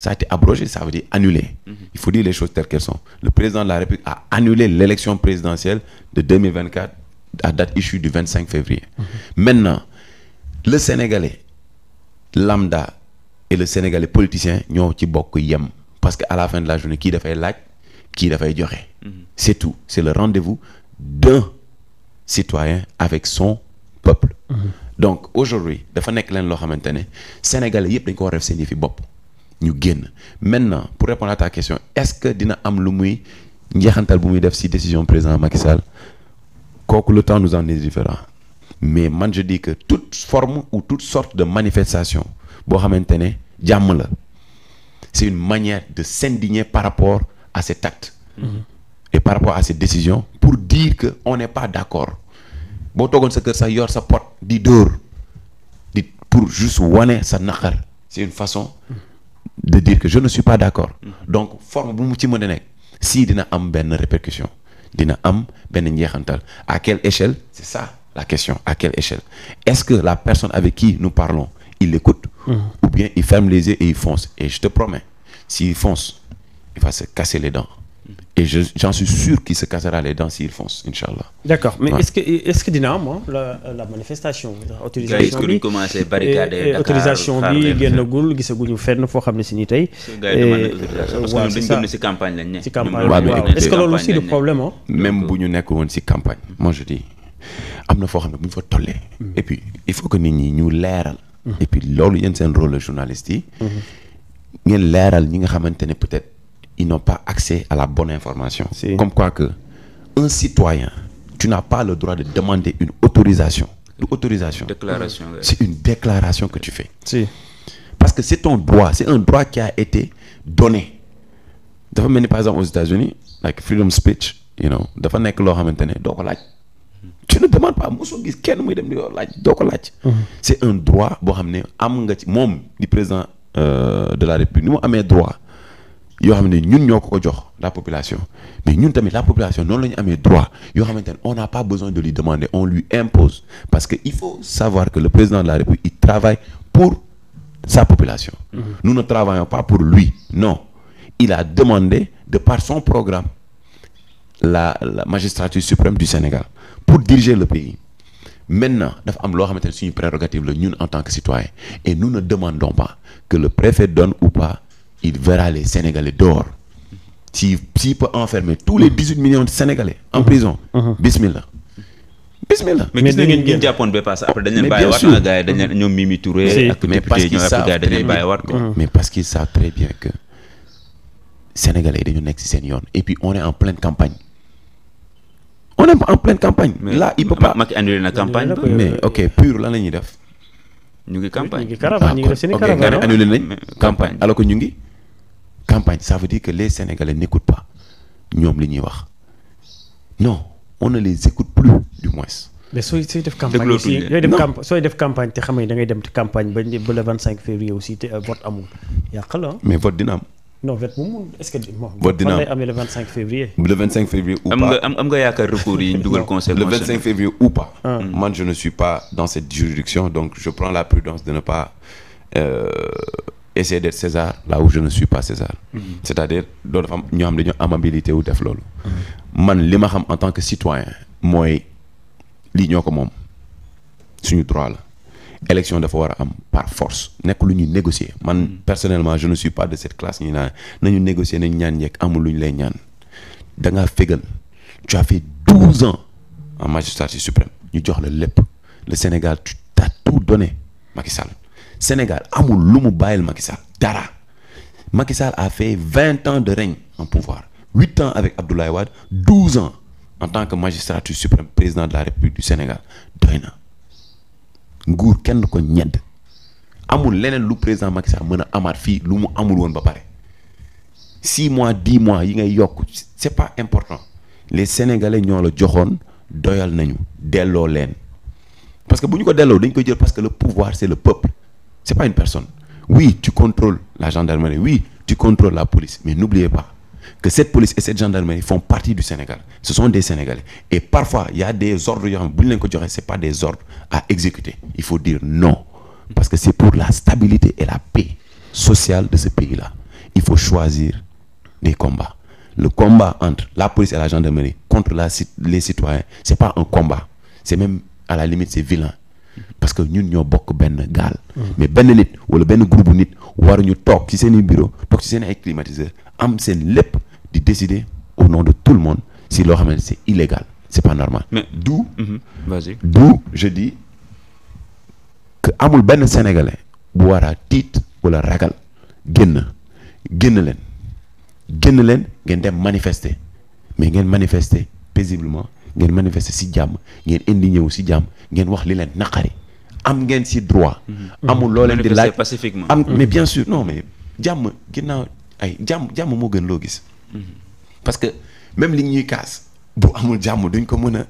ça a été abrogé ça veut dire annulé mhm. il faut dire les choses telles qu'elles sont le président de la République a annulé l'élection présidentielle de 2024 à date issue du 25 février mhm. maintenant le Sénégalais lambda et le Sénégalais politicien ñoo ci bokk yem parce que à la fin de la journée kii dafay laaj kii dafay joxe mhm. c'est tout c'est le rendez-vous d'un citoyen avec son peuple mm -hmm. donc aujourd'hui dafa nekk leen loo xamante ne Sénégalais yëpp dañ ko war a def bopp ñu génn maintenant pour répondre à ta question est-ce que dina am lu muy njeexantal bu muy def si décision président Macky kooku le temps nous en est différent mais man je dis que toute forme ou toute sorte de manifestation boo xamante ne jàmm la c'est une manière de s'indigner par rapport à cet acte mmh. et par rapport à cette décision pour dire que on n'est pas d'accord boo toogoon sa kër sax yor sa pot di dóor di pour juste wane sa naqar c'est une façon de dire que je ne suis pas d'accord donc forme bu mu ci mën a nekk si dina am benn répercussion dina am benn njeexantal à quelle échelle c'est ça la question à quelle échelle est-ce que la personne avec qui nous parlons il l'écoute mmh. ou bien il ferme les yeux et il fonce et je te promets s'il fonce il va se casser les dents et je j'en suis sûr qu'il se cassera les dents s'il fonce incha allah. d'accord mais ouais. est-ce que est-ce que dina am la la manifestation. autorisation bi commencé barricader Dakar autorisation bi génnagul gisaguñu fenn foo xam ne si ni tey. waaw c'est ça parce que si campagne lañ ne. si campagne waaw est-ce que loolu aussi le problème ah. même bu ñu nekk woon si campagne. moi je dis am na foo xam ne bu ñu fa tollee. Mm-hmm. et puis il faut que nit ñi ñu leeral. Mm-hmm. et puis loolu yéen seen rôle la journaliste yi. Mm-hmm. ngeen leeral ñi nga xamante ne peut-être. ils n'ont pas accès à la bonne information. Si. Comme quoi que un citoyen, tu n'as pas le droit de demander une autorisation. L'autorisation, déclaration, mmh. ouais. c'est une déclaration que tu fais. Parce que c'est ton droit, c'est un droit qui a été donné. dafa mel ni par exemple aux États-Unis like freedom speech you nekk loo xamante ne doo ko laaj. tu ne demandes pas mosoo gis kenn muy dem di ko laaj mmh. un droit boo xam ne am nga ci moom di président euh, de la République ni mu amee droit. yoo xam ne ñun ñoo ko ko jox la population mais ñun tamit la population noonu la ñu amee droit yoo xamante ne on a pas besoin de lui demander on lui impose parce que il faut savoir que le président de la République il travaille pour sa population mm -hmm. nous ne travaillons pas pour lui non il a demandé de par son programme la la magistrature suprême du Sénégal pour diriger le pays maintenant dafa am loo xamante ne suñu prérogative la ñun en tant que citoyen et nous ne demandons pas que le ou pas il verra les Sénégalais dehors s'il si peut enfermer tous les dix-huit millions de Sénégalais en prison bismillah bismillah mais gis nañu ñu jàppoon ba passé après dañ leen bàyyi waat ah gars yi mm-hmm. parce qu'ils savent très bien que Sénégalais yi dañu nekk ci seen yoon et puis on est en pleine campagne on est en pleine campagne. là il peut pas Macky annulé na campagne. mais ok pur lan la ñuy def. ñu ngi campagne ñu ngi caravane ah, ñu ngi def seen ah. ñu ngi. campagne ça veut dire que les Sénégalais n'écoutent pas ñoom li non on ne les écoute plus du moins. mais sooy def campagne te xam ne da ngay dem te campagne ba ba le 25 février aussi te euh, vote amul mais vote dina non vote bu février. le février ou pas am ah. nga am nga yaakaar conseil. le février ou pas. man je ne suis pas dans cette juridiction donc je prends la prudence de ne pas. Euh, essayer d'être César là où je ne suis pas César. Mm -hmm. c'est-à-dire loolu dafa ñoo xam dañoo am amabilité wu def loolu. man li ma xam en tant que citoyen mooy lii ñoo ko moom suñu droit la. élection dafa war a am par force nekk lu ñuy négocier man mm. personnellement je ne suis pas de cette classe ñi naa nañu négocier nañu ñaan yeeg amul lu ñu lay ñaan da ngaa fégal tu as fait douze ans en magistrature suprême ñu jox la lépp le Sénégal tu t'as tout donné Macky Sall Sénégal amul lu mu bàyyil Macky Sall dara Macky Sall a fait vingt ans de règne en pouvoir huit ans avec Abdoulaye Wade douze ans en tant que magistrature suprême président de la République du Sénégal doy na nguur kenn ko ñedd amul leneen lu président Macky Sall mën a amaat fii lu mu amul woon ba pare six mois dix mois yi ngay yokk c'est pas important les Sénégalais ñoo la joxoon doyal nañu delloo leen parce que bu ñu ko delloo dañ ko jël parce que le pouvoir c'est pas une personne oui tu contrôles la gendarmerie oui tu contrôles la police mais n'oubliez pas que cette police et cette gendarmerie font partie du Sénégal ce des Sénégalais et parfois il y a des ordres yoo xam bu ñu leen ko joxee c'est pas des ordres à exécuter il faut dire non parce que c'est pour la stabilité et la paix sociale de ce pays-là il faut choisir des combats le combat entre la police et la gendarmerie contre la les citoyens c'est pas un combat à la limite c'est parce que ñun ñoo bokk benn gaal. Mm. mais benn nit wala benn bu nit ñu toog ci seen i bureau toog ci seen ay climatiseur am seen lépp di décider au nom de tout le monde si loo xamante c'est illégal c'est pas normal. mais d'où. Mm-hmm. vas amul benn sénégalais bu war a tiit wala ragal génn génn leen génn leen ngeen dem manifester mais ngeen manifester paisiblement. ngeen manifester si jàmm ngeen indi ñëw si jàmm ngeen wax li leen naqari am ngeen si droit. Mhm. amul loo leen di laaj pacifiquement am mais mhm. bien sûr non mais jàmm ginnaaw ay jàmm jàmm moo gën loo gis. Mhm. parce que même li ñuy kaas. bu amul jàmm duñ ko mën a.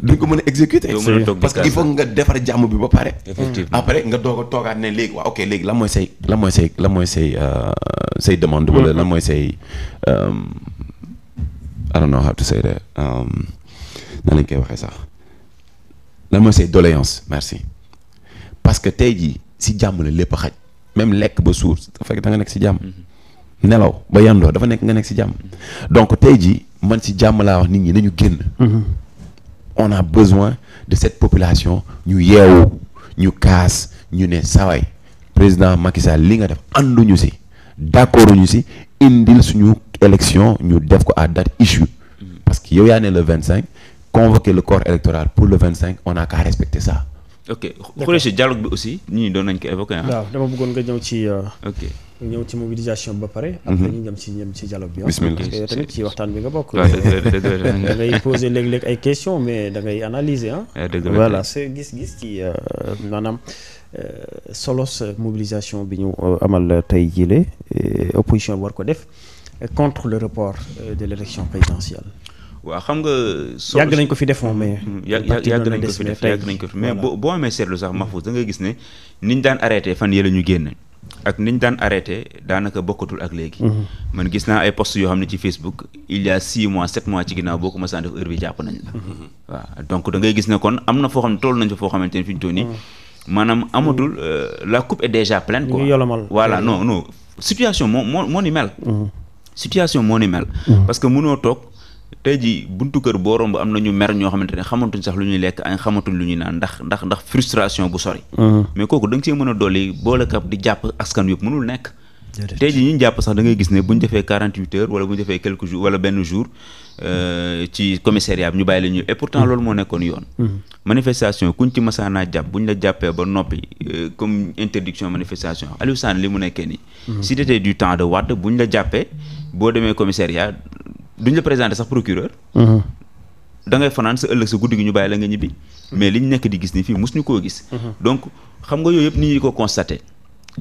duñ ko mën a exécuter. parce que il faut nga defar jàmm bi ba pare. effectivement nga doog a toogaat ne léegi waaw ok léegi mooy say lan mooy say lan mooy say euh, say demande. wala lan mooy say euh, I don't know how to say that. Um, nan lañ koy waxee sax lan mooy say merci parce que tey jii si jàmm la lépp xaj même lekk ba suur dafa fekk da nga nekk si jàmm mm-hmm. nelaw ba yandoo dafa nekk nga nekk si jàmm mm-hmm. donc tey jii man si jàmm laa wax nit ñi nañu génn mm-hmm. on a besoin de cette population ñu yeewu ñu kaas ñu ne saway président Macky Sall li nga def ànduñu si d'accord ñu si indil suñu élection ñu def ko à date issue parce que yow yaa ne le cinq convoquer le corps électoral pour le 25 on n'a qu'à respecter ça. ok xoolee si dialogue bi aussi. ñii doon nañ ko évoqué ah. waaw dama bëggoon nga ñëw ci. Euh, ñëw ci mobilisation ba pare. Mhm. après ñu dem ci ñem ci dialogue bi. bismillah parce que yow tamit ci waxtaan bi nga bokk. waaw da léeg-léeg ay question mais da ngay analyser ah. voilà sa gis-gis ci euh, maanaam euh, solos mobilisation bi ñu amal tey jile opposition war ko def contre le report de l' élection présidentielle. waaw xam nga. yàgg nañ ko fi def moom mais. Hmm, hmm, yàgg def yàgg nañ ko fi boo boo amee seetlu sax Mahfouz da nga gis ne niñ daan arrêté fan yële ñu génn. ak niñ daan arrêté daanaka bokkatul ak léegi. Hmm. man gis naa ay post yoo xam ne ci Facebook il y a mois 7 mois ci ginnaaw boo ko mosaan def heure jàpp nañ la. donc da ngay gis ne kon am na foo xam ne toll nañ fa foo xamante ne fi ñu toll nii. maanaam amatul euh, la coupe est déjà pleine quoi. voilà non no situation moo moo moo ni mel. situation moo ni tey jii buntu kër boo romb am na ñu mer ñoo xamante ne xamantuñ sax lu ñuy lekk ay xamantuñ lu ñu naan ndax ndax ndax frustration bu sori. Uh-huh. mais kooku da nga see mën a dolli boole kap di jàpp askan yëpp mënul nekk. tey jii ñu jàpp sax da ngay gis ne bu ñu defee quarante huit heures wala bu ñu defee quelques jours wala benn jour euh, ci commissariat bi ñu bàyyi la ñu et pourtant uh-huh. loolu moo nekkoon yoon. Uh-huh. manifestation kuñ ci masaanaa jàpp bu ñu la jàppee ba noppi euh, comme interdiction manifestation Aliou Sane li mu nekkee nii. si c'était du temps de Wade bu ñu la jàppee boo demee commissariat. duñ la présenté sax procureur. Mhm. da ngay fanaan sa ëllëg sa guddi gi ñu bàyyi la nga ñibbi. Mhm. mais liñ nekk di gis ni fii mos ñu koo gis. Mhm. donc xam nga yooyu yëpp nit ñi ko constaté.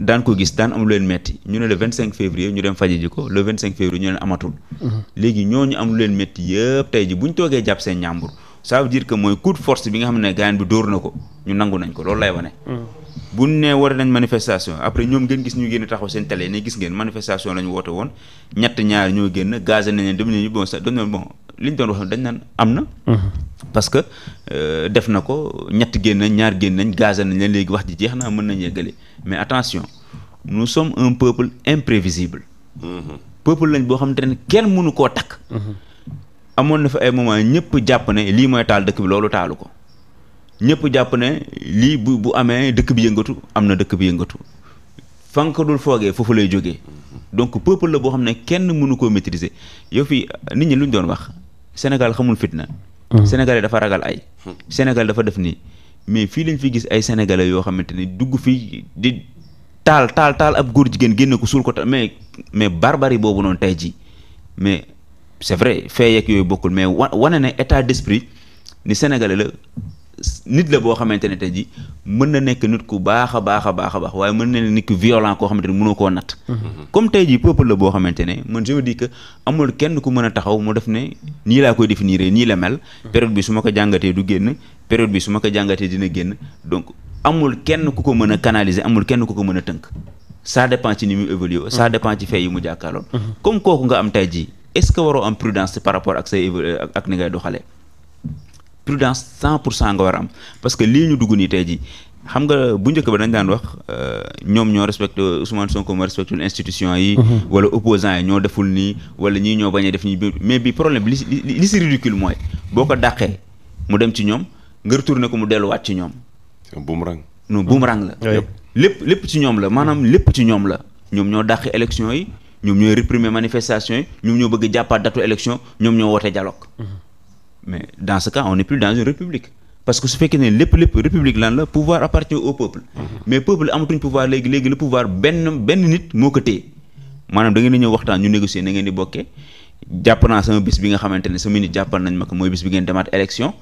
daan ko gis daan am lu leen metti ñu ne le 25 février ñu dem faji ji ko le 25 février ñu leen amatul. léegi ñooñu am lu leen metti yëpp tey ji buñ toogee jàpp seen ñàmbur. ça veut dire que mooy coup de force bi nga xam ne gaañ bi dóor na ko ñu nangu nañ ko loolu lay wane. Mm. bu ne war nañ manifestation après ñoom ngeen gis ñu génn taxaw seen télé ne gis ngeen manifestation la woon ñett ñaar ñoo génn gaz nañ leen dem nañu bon sax dañ bon am na. Mm-hmm. parce que euh, def na ko ñett génn ñaar génn nañ gaz nañ leen léegi wax ji jeex naa mën nañ yeggale mais attention nous sommes un peuple imprévisible. Mm-hmm. peuple lañ boo xamante ne kenn mënu koo takk. Mm-hmm. amoon na fi ay moment ñëpp jàpp ne lii mooy taal dëkk bi loolu taalu ko ñëpp jàpp ne lii bu bu amee dëkk bi yëngatu am na dëkk bi yëngatu fanka dul foogee foofu lay jóge donc peuple la boo xam ne kenn mënu koo maîtriser yow fii nit ñi lu ñu doon wax Sénégal xamul fitna. Hmm. Sénégalais dafa ragal ay. Sénégal dafa def nii mais fii lañ fi gis ay sénégalais yoo xamante ni dugg fii di taal taal taal ab góor jigéen génne ko suul ko mais mais barbarie boobu noonu tey ji mais. c'est vrai fee yeeg yooyu bokkul mais wa wane ne état d'esprit ni sénégalais la nit la boo xamante ne tey ji mën na nekk nit ku baax a baax a baax a baax waaye mën na ne nit ku violent koo xamante ne mënoo koo natt mhm. comme tey ji peuple la boo xamante ne man je me dis amul kenn ku mën a taxaw mu def ne nii laa koy définir nii la mel mhm. période bi su ma ko jàngatee du génn période bi su ma ko jàngatee dina génn donc amul kenn ku ko mën a canaliser amul kenn ku ko mën a tënk ça dépend ni mu évoluer ça mhm. dépend ci yi mu jàkkaarloon est-ce que waroo am prudence par rapport ak say euh, ak ni ngay doxalee prudence cent pour cent nga war am parce que lii ñu dugg nii tey ji xam nga bu njëkk ba dañ daan wax euh, ñoom ñoo respecté Ousmane Sonko moo respecté institution yi. Mhm. wala opposants yi ñoo deful nii wala ñii ñoo bañ a def nii mais bi problème bi li li si ridicule mooy boo ko dàqee mu dem ci ñoom nga retourné ko mu delluwaat ci ñoom. boomerang. non boomerang la. lépp lépp ci ñoom la maanaam lépp ci ñoom la ñoom ñoo dàqee élection yi. ñoom ñoo bëgg jàppaat datu élection ñoom ñoo woote dialogue mm-hmm. mais dans ce cas on n'est plus dans une république parce que su fekkee ne lépp lépp république lan la pouvoir appartient au peuple mm-hmm. mais peuple amatuñ pouvoir léegi léegi pouvoir benn benn nit moo ko téye maanaam da ngeen ñëw waxtaan ñu négocier na ngeen di bokkee jàpp naa sama bis bi nga xamante ne sama nit jàppal nañ ma ko mooy bis bi ngeen demaat élection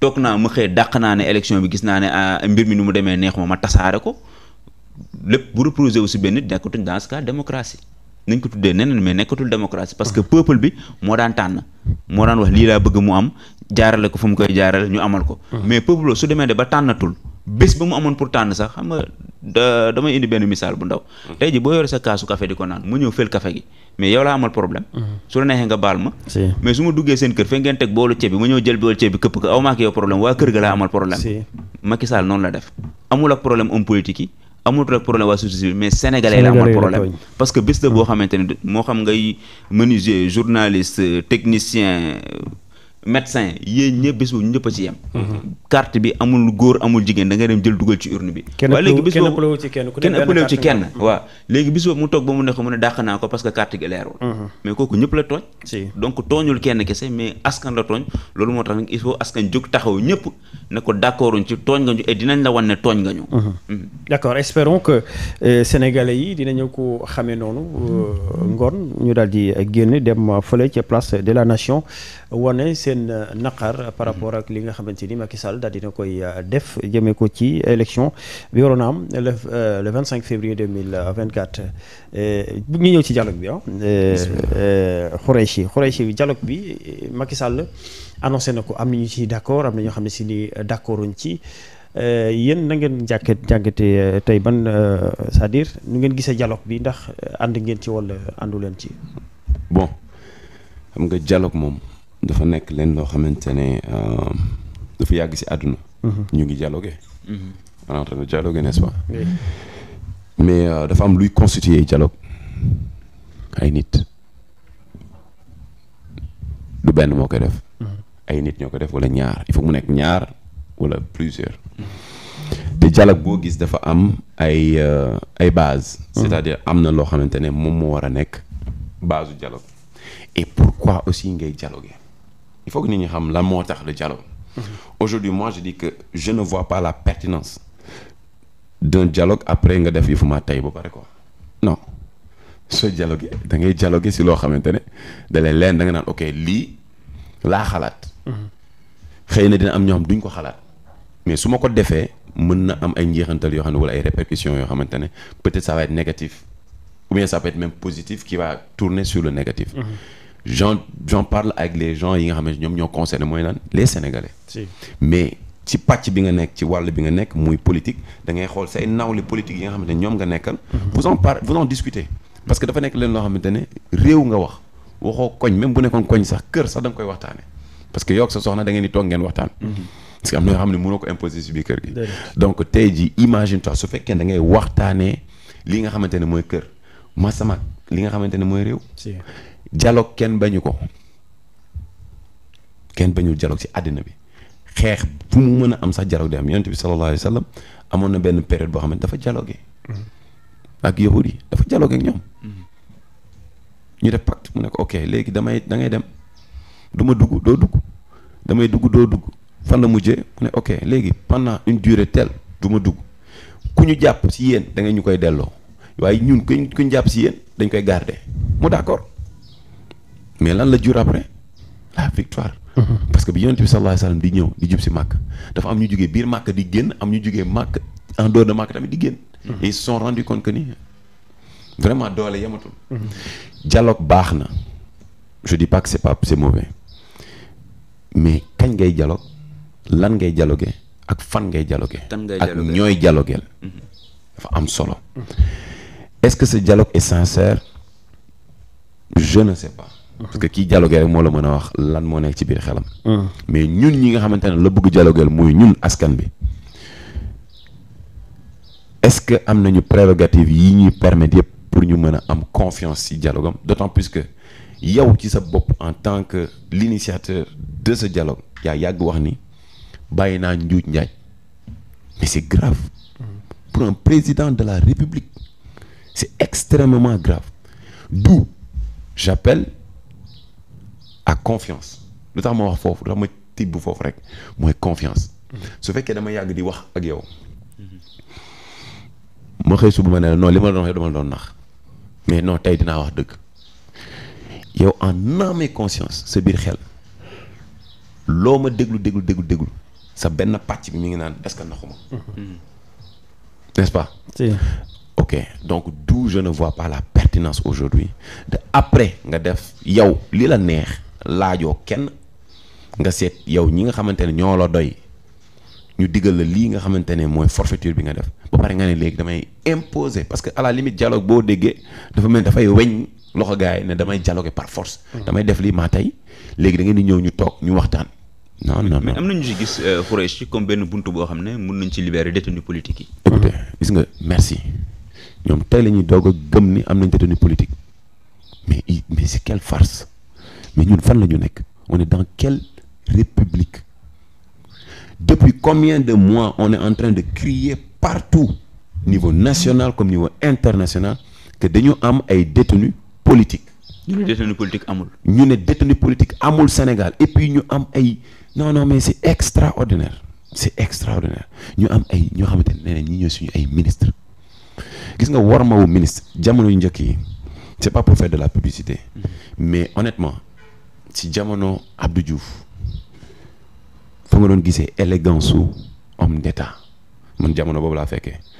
toog naa ma xëy dàq naa ne élection bi gis naa ne ah, mbir mi nu mu demee neexuma lépp bu reposé wu si benn nit nekkatuñ dans nañ ko tuddee neneen mais nekkatul démocratie parce que peuple bi moo daan tànn moo daan wax lii laa bëgg mu am jaarale ko fu mu jaarale ñu amal ko mais peuple su demee de ba tànnatul bés ba mu amoon pour tànn sax xam nga damay indi benn misaal bu ndaw tey ji boo yore sa kaasu café di ko naan mu ñëw fël café gi mais yow laa amal problème su la neexee nga baal ma mais su ma duggee seen kër fekk ngeen teg boolu ceeb bi ma ñëw jël boolu ceeb këpp ko aw maa ak yow problème waa kër ga laa amal problème Macky Sall noonu la def amul ak problème homme yi amul rek problème waa société civile mais sénégalais la amoon problème parce que bés la boo hmm. xamante ne moo xam ngay menuisier journaliste technicien médecin yéen ñëpp bis boobu ñëpp ci yem. Mm-hmm. carte bi amul góor amul jigéen da ngay dem jël dugal ci urne bi. waaw léegi bis boobu kenn kenn waaw léegi bis boobu mu toog ba mu ne ko mu ne dàq naa ko parce que carte gi leerul. Mm-hmm. mais kooku ñëpp la tooñ. donc tooñul kenn kese mais askan la tooñ loolu moo tax il faut askan jóg taxaw ñëpp ne ko d' accord ci tooñ nga ñu dinañ la wan ne tooñ nga ñu. Mm-hmm. d' accord que euh, sénégalais yi dinañu ko xamee noonu euh, ngoon ñu daal di génn dem fële ca place de la nation seen euh, naqar par mhm. rapport ak li nga xamante ni Macky Sall daal dina koy euh, def jëmee ko ci élection bi waroon am le euh, le 25 février 2024 ñu ñëw ci dialogue bi ah. Khoureychi Khoureychi bi dialogue bi Macky Sall annoncé na ko am na ñu ci d' accord am na ñoo xam ne si ni d' accorduñ ci. yéen na ngeen jàkket jànkete tey ban c'est-à-dire nu ngeen gisee dialogue bi ndax ànd ngeen ci walla ànduleen ci bon xam nga dialogue moom dafa nekk leen loo xamante ne euh, dafa yàgg si àdduna. Mhm. ñu ngi dialogué. Mhm. en train de dialoguer mais euh, dafa am luy constituer dialogue ay nit du benn moo ko def. Mhm. ay nit ñoo ko def walla ñaar il faut mu nekk ñaar wala plusieurs. te dialogue boo gis dafa am ay euh, ay base c'est-à-dire am na loo xamante ne moom mu war a nekk base du dialogue et pourquoi aussi ngay dialoguer. il faut que nit ñi xam lan moo tax la dialogue. Mhm. aujourd'hui moi je dis que je ne vois pas la pertinence d'un dialogue après nga def yëfu maa tey ba pare quoi non soo dialogué da ngay dialogué si loo xamante ne dalee leen da nga naan ok lii laa xalaat. Mhm. xëy na dina am ñoo xam duñ ko xalaat mais su ma ko defee mën na am ay njeexantal yoo xam ne wala ay répercussions yoo xamante ne peut-être ça négatif ou bien ça même positif qui va tourner sur le négatif. Mhm. j'en j'en parle ak les yi nga xam ne ñoom ñoo concerné mooy lan les sénégalais. Si. mais ci pàcc bi nga nekk ci wàll bi nga nekk muy politique da ngay xool say nawle politique yi nga xamante ne ñoom nga nekkal. Mhm. vous en par vous en discutez. parce que dafa nekk leen loo xamante ne réew nga wax waxoo koñ même bu nekkoon koñ sax kër sax da nga koy waxtaane parce que yow sa soxna da ngeen di ngeen waxtaan. Mhm. parce que am na yoo xam ne mënoo ko imposer si biir kër gi. donc tey jii imagine su fekkee da ngay waxtaanee li nga xamante ne mooy kër. masamak li nga xamante ne mooy réew. dialogue kenn bañu ko kenn bañul dialogue ci àddina bi xeex fu mu mën a am sax dialogue di am yonent bi sallallahu alayhi amoon na benn période boo xam ne dafa dialogue mm. ak yahud yi dafa dialogue ak ñoom. Mm. ñu def pacte mu ne ok léegi damay da ngay dem du ma dugg doo dugg damay dugg doo dugg fan la mujjee mu ne ok léegi pendant une durée telle du ma dugg ku ñu jàpp ci yéen da ñu koy delloo. waaye ñun ku ñu jàpp si yéen dañ koy garder mu d' accord mais lan la jur après la victoire. Mm-hmm. parce que bi yonent bi sallallahu alayhi wasallam di ñëw di jub si màkk dafa am ñu jugee biir màkk di génn am ñu jugee màkk en dehors de màkk tamit di génn. Mm-hmm. et ils se sont rendu compte que ni vraiment doole yematul. Mm-hmm. dialogue baax na. je dis pas que c'est pas c'est mauvais mais kañ ngay dialogue lan ngay dialoguer ak fan ngay dialoguer. ak ñooy dialoguer dafa am solo. est-ce que ce dialogue est sincère je ne sais pas. parce que kii dialogué rek moo la mën a wax lan moo nekk ci biir xelam. Hmm. mais ñun ñi nga xamante ne la bëgg dialogué mooy ñun askan bi est-ce que am nañu prérogative yi ñuy permettre yëpp pour ñu mën a am confiance ci dialogue am d'autant plus que yow ci sa bopp en tant que l'initiateur de ce dialogue yaa yàgg wax ni bàyyi naa njuuj njaaj mais c'est grave hmm. pour un président de la République. C'est extrêmement grave. D'où j'appelle ak confiance. lu tax ma wax foofu lu tax ma tibb foofu rek mooy confiance. su fekkee dama yàgg di wax ak yow. ma xëy suba ma ne la non li ma doon wax dama doon nax mais non tey dinaa wax dëgg yow en âme et conscience sa biir xel loo ma déglu déglu déglu déglu sa benn pàcc bi mi ngi naan est-ce naxuma. Mm-hmm. n'est-ce ok donc d'où je ne vois pas la pertinence aujourd'hui de après nga def yow li la neex laajoo kenn nga seet yow ñi nga xamante ne ñoo la doy ñu diggal la lii nga xamante ne mooy forfaiture bi nga def ba pare nga ne léegi damay imposer parce que à la limite dialogue boo déggee dafa mel dafay weñ loxo gars yi ne damay dialoguer par force. Mm. damay def lii maa tey léegi da ngeen di ñëw ñu toog ñu waxtaan. non non non mais am nañu si gis Khoureychi euh, comme benn buntu boo xam ne mun nañ ci libérer détenu politique yi. écoutez gis nga merci. ñoom tey la ñuy doog a gëm ni am nañ détenu politique mais i mais c'est quelle farce mais ñun fan la ñu nekk on ne dans quelle république depuis combien de mois on est en train de crier partout niveau national comme niveau international que dañu am ay détenus politiques ñu ne détenu politique amul ñu ne détenu politique amul Sénégal et puis ñu am ay non non mais c'est extraordinaire c'est extraordinaire ñu am ay ñoo xamante ne ñi ñoo suñu ay ministres gis nga war mawu ministre jamono yu njëkk yi c'est pas pour faire de la publicité mm-hmm. mais honnêtement ci jamono Abdou Diouf foo nga doon gisee élégance su homme d'état man jamono boobu laa fekkee